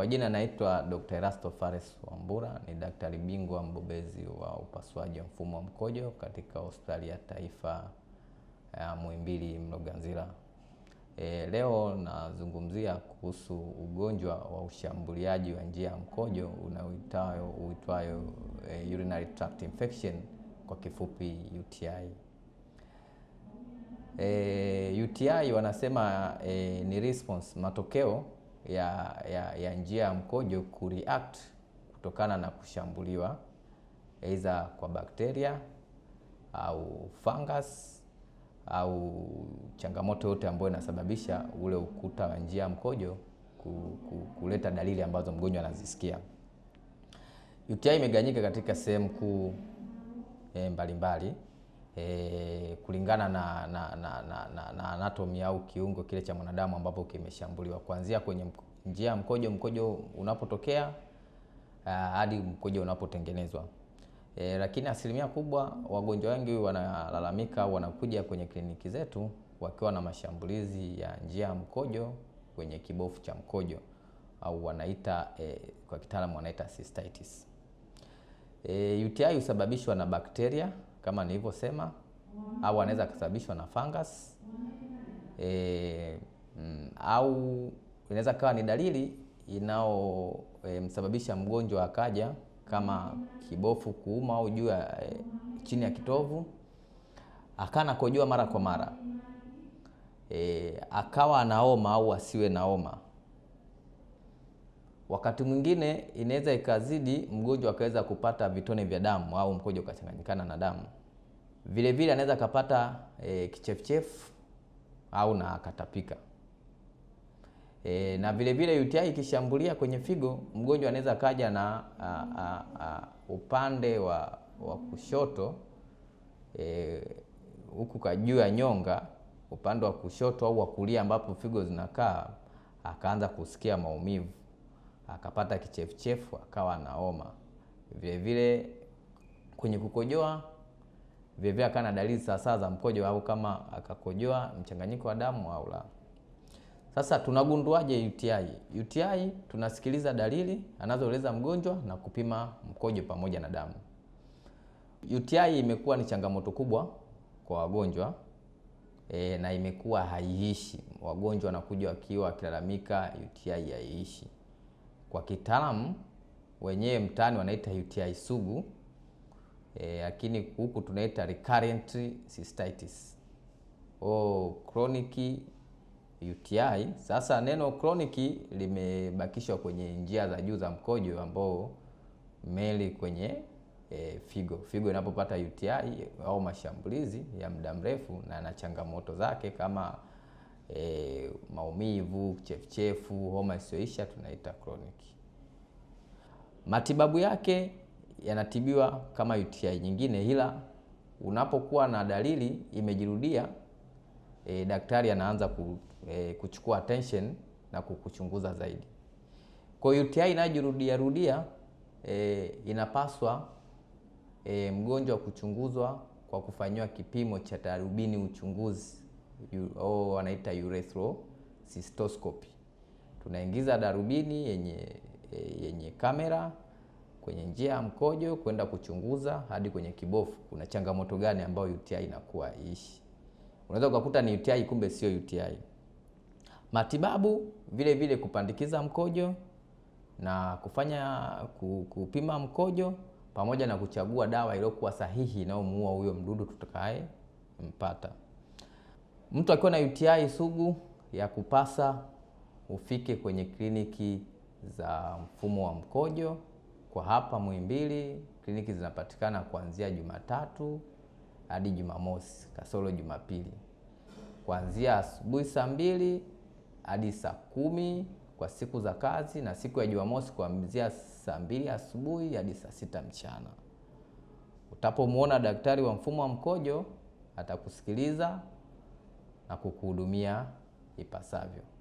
Kwa jina naitwa Dr. Erasto Fares Wambura, ni daktari bingwa mbobezi wa upasuaji wa mfumo wa mkojo katika hospitali ya taifa ya Muhimbili Mloganzila. E, leo nazungumzia kuhusu ugonjwa wa ushambuliaji wa njia ya mkojo unaoitwayo uitwayo e, urinary tract infection kwa kifupi UTI. E, UTI wanasema e, ni response matokeo ya, ya, ya njia ya mkojo kureact kutokana na kushambuliwa aidha kwa bakteria au fungus au changamoto yote ambayo inasababisha ule ukuta wa njia ya mkojo kuleta dalili ambazo mgonjwa anazisikia. UTI imeganyika katika sehemu kuu eh, mbalimbali e, kulingana na, na, na, na, na, na anatomi au kiungo kile cha mwanadamu ambapo kimeshambuliwa kuanzia kwenye mk njia ya mkojo mkojo unapotokea hadi mkojo unapotengenezwa. E, lakini asilimia kubwa wagonjwa wengi wanalalamika, wanakuja kwenye kliniki zetu wakiwa na mashambulizi ya njia ya mkojo kwenye kibofu cha mkojo au wanaita e, kwa kitaalamu wanaita cystitis. E, UTI husababishwa na bakteria kama nilivyosema, au anaweza akasababishwa na fungus e, mm, au inaweza kawa ni dalili inayomsababisha e, mgonjwa akaja kama kibofu kuuma au juu ya e, chini ya kitovu, akana anakojoa mara kwa mara e, akawa anaoma au asiwe naoma Wakati mwingine inaweza ikazidi mgonjwa akaweza kupata vitone vya damu au mkojo ukachanganyikana na damu. Vile vile anaweza akapata e, kichefuchefu au na akatapika. E, na vile vile UTI ikishambulia kwenye figo, mgonjwa anaweza kaja na a, a, a, upande wa, wa kushoto eh, huku e, juu ya nyonga upande wa kushoto au wa kulia ambapo figo zinakaa akaanza kusikia maumivu akapata kichefuchefu akawa anaoma. Vile vile kwenye kukojoa vile vile akawa na dalili sawasawa za mkojo au kama akakojoa mchanganyiko wa damu au la. Sasa tunagunduaje UTI? UTI tunasikiliza dalili anazoeleza mgonjwa na kupima mkojo pamoja na damu. UTI imekuwa ni changamoto kubwa kwa wagonjwa e, na imekuwa haiishi. Wagonjwa wanakuja wakiwa wakilalamika UTI haiishi kwa kitaalamu wenyewe mtaani wanaita UTI sugu, e, lakini e, huku tunaita recurrent cystitis o chronic UTI. Sasa neno chronic limebakishwa kwenye njia za juu za mkojo ambao meli kwenye e, figo. Figo inapopata UTI au mashambulizi ya muda mrefu na na changamoto zake kama e, maumivu, kichefuchefu, homa isiyoisha tunaita chronic. Matibabu yake yanatibiwa kama UTI nyingine, ila unapokuwa na dalili imejirudia, e, daktari anaanza ku, e, kuchukua attention na kukuchunguza zaidi. Kwa UTI inayojirudia rudia e, inapaswa e, mgonjwa kuchunguzwa kwa kufanyiwa kipimo cha darubini uchunguzi au oh, wanaita urethro cystoscopy. Tunaingiza darubini yenye, yenye kamera kwenye njia ya mkojo kwenda kuchunguza hadi kwenye kibofu, kuna changamoto gani ambayo UTI inakuwa ishi. Unaweza ukakuta ni UTI kumbe sio UTI. Matibabu vile vile, kupandikiza mkojo na kufanya kupima mkojo pamoja na kuchagua dawa iliyokuwa sahihi inayomuua huyo mdudu tutakaye mpata. Mtu akiwa na UTI sugu ya kupasa ufike kwenye kliniki za mfumo wa mkojo. Kwa hapa Muhimbili kliniki zinapatikana kuanzia Jumatatu hadi Jumamosi kasoro Jumapili, kuanzia asubuhi saa mbili hadi saa kumi kwa siku za kazi, na siku ya Jumamosi kuanzia saa mbili asubuhi hadi saa sita mchana. Utapomwona daktari wa mfumo wa mkojo atakusikiliza na kukuhudumia ipasavyo.